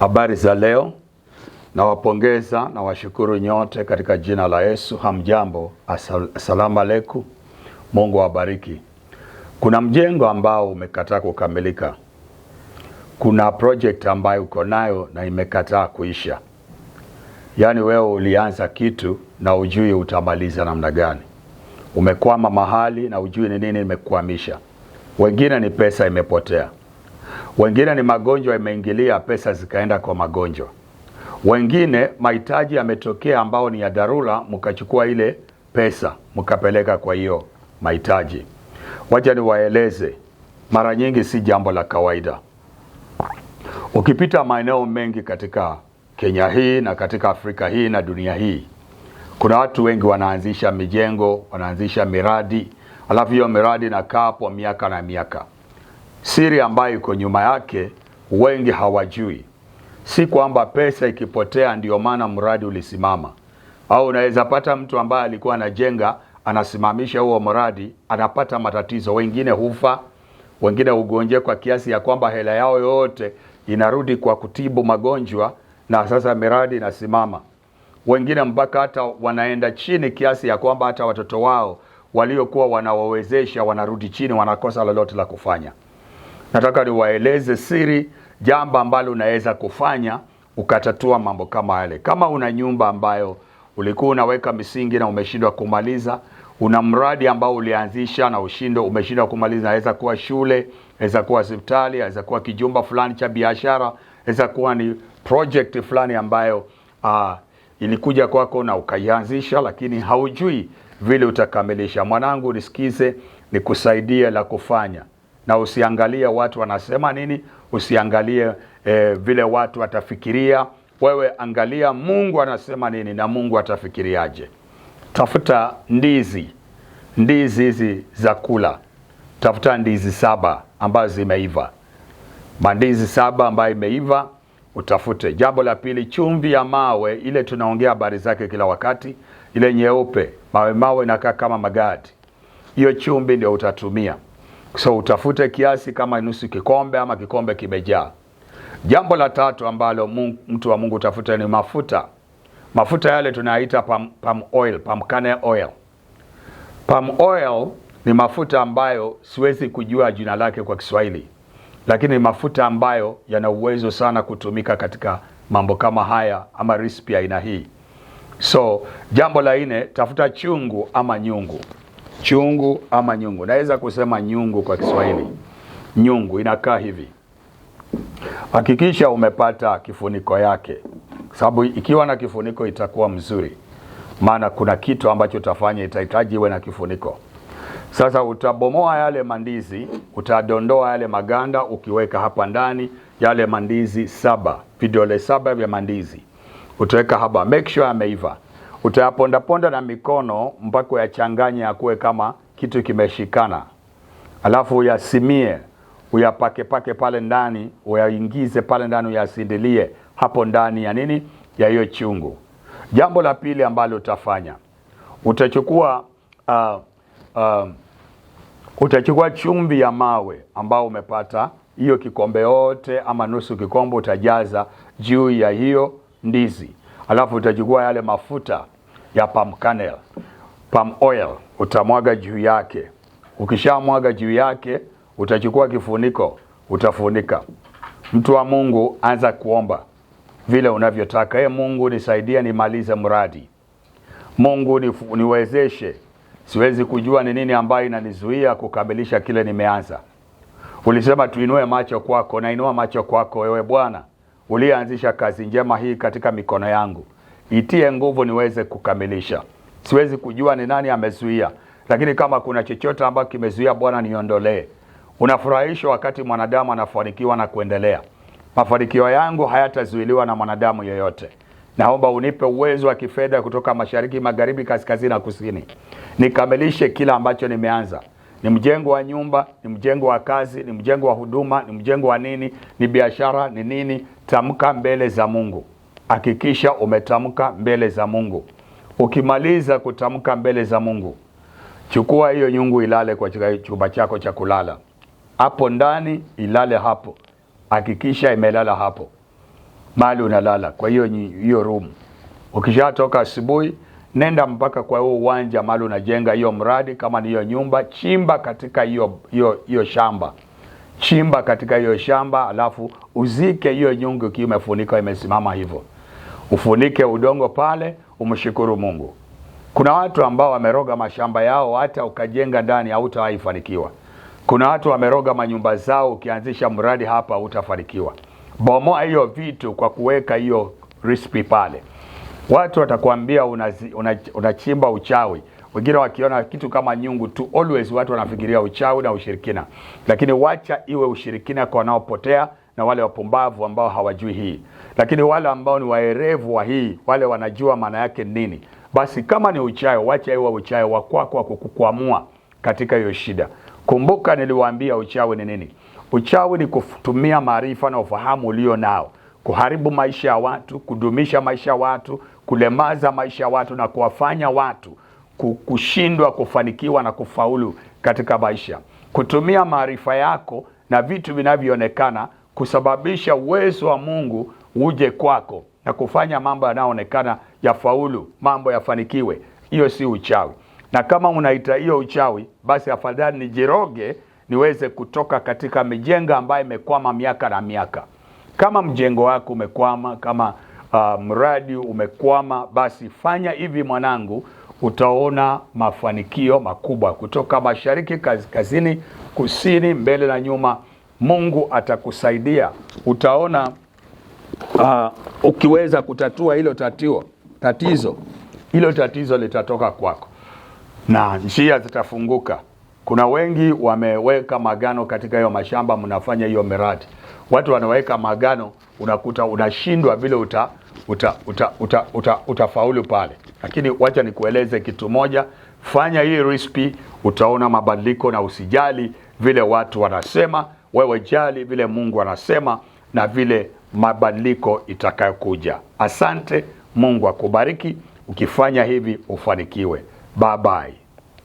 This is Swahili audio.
Habari za leo. Nawapongeza na washukuru nyote katika jina la Yesu. Hamjambo, asalamu aleikum. Mungu awabariki. Kuna mjengo ambao umekataa kukamilika, kuna project ambayo uko nayo na imekataa kuisha. Yaani wewe ulianza kitu na ujui utamaliza namna gani, umekwama mahali na ujui ni nini imekwamisha. Wengine ni pesa imepotea wengine ni magonjwa yameingilia, pesa zikaenda kwa magonjwa, wengine mahitaji yametokea ambao ni ya dharura, mkachukua ile pesa mkapeleka kwa hiyo mahitaji. Wacha niwaeleze, mara nyingi si jambo la kawaida. Ukipita maeneo mengi katika Kenya hii na katika Afrika hii na dunia hii, kuna watu wengi wanaanzisha mijengo, wanaanzisha miradi, alafu hiyo miradi inakaa hapo miaka na miaka Siri ambayo iko nyuma yake wengi hawajui. Si kwamba pesa ikipotea ndiyo maana mradi ulisimama, au unaweza pata mtu ambaye alikuwa anajenga anasimamisha huo mradi, anapata matatizo, wengine hufa, wengine ugonje kwa kiasi ya kwamba hela yao yote inarudi kwa kutibu magonjwa, na sasa miradi inasimama. Wengine mpaka hata wanaenda chini kiasi ya kwamba hata watoto wao waliokuwa wanawawezesha wanarudi chini, wanakosa lolote la kufanya nataka niwaeleze siri, jambo ambalo unaweza kufanya ukatatua mambo kama yale. Kama una nyumba ambayo ulikuwa unaweka misingi na umeshindwa kumaliza, una mradi ambao ulianzisha na ushindo umeshindwa kumaliza, naweza kuwa shule, naweza kuwa hospitali, naweza kuwa kijumba fulani cha biashara, naweza kuwa ni project fulani ambayo uh, ilikuja kwako na ukaianzisha, lakini haujui vile utakamilisha. Mwanangu, nisikize, nikusaidie la kufanya na usiangalie watu wanasema nini, usiangalie eh, vile watu watafikiria. Wewe angalia Mungu anasema nini na Mungu atafikiriaje. Tafuta ndizi, ndizi hizi za kula, tafuta ndizi saba ambazo zimeiva, mandizi saba ambayo imeiva utafute. Jambo la pili, chumvi ya mawe, ile tunaongea habari zake kila wakati, ile nyeupe mawe mawe inakaa kama magadi, hiyo chumvi ndio utatumia. So utafute kiasi kama nusu kikombe ama kikombe kimejaa. Jambo la tatu ambalo mungu, mtu wa Mungu utafuta ni mafuta. Mafuta yale tunaita palm, palm oil, palm kernel oil. Palm oil ni mafuta ambayo siwezi kujua jina lake kwa Kiswahili, lakini ni mafuta ambayo yana uwezo sana kutumika katika mambo kama haya ama recipe aina hii. So jambo la nne, tafuta chungu ama nyungu chungu ama nyungu. Naweza kusema nyungu kwa Kiswahili. Nyungu inakaa hivi. Hakikisha umepata kifuniko yake, sababu ikiwa na kifuniko itakuwa mzuri, maana kuna kitu ambacho utafanya itahitaji iwe na kifuniko. Sasa utabomoa yale mandizi, utadondoa yale maganda, ukiweka hapa ndani yale mandizi saba, vidole saba vya mandizi utaweka hapa, make sure ameiva. Utayapondaponda na mikono mpaka uyachanganye akuwe kama kitu kimeshikana, alafu uyasimie, uyapakepake pale ndani, uyaingize pale ndani, uyasindilie hapo ndani ya nini, ya hiyo chungu. Jambo la pili ambalo utafanya utachukua uh, uh, utachukua chumvi ya mawe ambao umepata hiyo kikombe yote ama nusu kikombe, utajaza juu ya hiyo ndizi alafu utachukua yale mafuta ya palm kernel, palm oil utamwaga juu yake. Ukishamwaga juu yake, utachukua kifuniko utafunika. Mtu wa Mungu, anza kuomba vile unavyotaka. E Mungu, nisaidia nimalize mradi. Mungu niwezeshe, siwezi kujua ni nini ambayo inanizuia kukamilisha kile nimeanza. Ulisema tuinue macho kwako, nainua macho kwako wewe Bwana uliyeanzisha kazi njema hii katika mikono yangu, itie nguvu niweze kukamilisha. Siwezi kujua ni nani amezuia, lakini kama kuna chochote ambacho kimezuia, Bwana niondolee. Unafurahishwa wakati mwanadamu anafanikiwa na kuendelea. Mafanikio yangu hayatazuiliwa na mwanadamu yeyote. Naomba unipe uwezo wa kifedha kutoka mashariki, magharibi, kaskazini na kusini, nikamilishe kila ambacho nimeanza. Ni mjengo wa nyumba, ni mjengo wa kazi, ni mjengo wa huduma, ni mjengo wa nini, ni biashara, ni nini tamka mbele za Mungu. Hakikisha umetamka mbele za Mungu. Ukimaliza kutamka mbele za Mungu, chukua hiyo nyungu ilale kwa chumba chako cha kulala, hapo ndani ilale hapo. Hakikisha imelala hapo mahali unalala, kwa hiyo hiyo room. Ukishatoka asubuhi, nenda mpaka kwa huo uwanja mahali unajenga hiyo mradi, kama ni hiyo nyumba, chimba katika hiyo hiyo shamba chimba katika hiyo shamba, alafu uzike hiyo nyungu ikiwa imefunika imesimama hivyo, ufunike udongo pale, umshukuru Mungu. Kuna watu ambao wameroga mashamba yao, hata ukajenga ndani hautaifanikiwa. Kuna watu wameroga manyumba zao, ukianzisha mradi hapa utafanikiwa. Bomoa hiyo vitu kwa kuweka hiyo recipe pale. Watu watakwambia unachimba una, una uchawi wengine wakiona kitu kama nyungu tu. Always watu wanafikiria uchawi na ushirikina, lakini wacha iwe ushirikina kwa wanaopotea na wale wapumbavu ambao hawajui hii, lakini wale ambao ni waerevu wa hii, wale wanajua maana yake nini. Basi kama ni uchawi, wacha iwe uchawi wa kwako wa kukukwamua katika hiyo shida. Kumbuka niliwaambia uchawi ni nini. Uchawi ni kutumia maarifa na ufahamu ulio nao kuharibu maisha ya watu, kudumisha maisha ya watu, kulemaza maisha ya watu na kuwafanya watu kushindwa, kufanikiwa na kufaulu katika maisha. Kutumia maarifa yako na vitu vinavyoonekana kusababisha uwezo wa Mungu uje kwako na kufanya mambo yanayoonekana ya faulu, mambo yafanikiwe. Hiyo si uchawi, na kama unaita hiyo uchawi, basi afadhali nijiroge niweze kutoka katika mijengo ambayo imekwama miaka na miaka. Kama mjengo wako umekwama, kama uh, mradi umekwama, basi fanya hivi mwanangu utaona mafanikio makubwa kutoka mashariki, kaskazini, kusini, mbele na nyuma. Mungu atakusaidia, utaona uh, ukiweza kutatua hilo tatio, tatizo hilo tatizo litatoka kwako na njia zitafunguka. Kuna wengi wameweka magano katika hiyo mashamba, mnafanya hiyo miradi, watu wanaweka magano, unakuta unashindwa vile uta uta, uta, uta, uta, utafaulu pale, lakini wacha nikueleze kitu moja. Fanya hii risipi, utaona mabadiliko, na usijali vile watu wanasema, wewe jali vile Mungu anasema na vile mabadiliko itakayokuja. Asante, Mungu akubariki ukifanya hivi, ufanikiwe. Bye bye.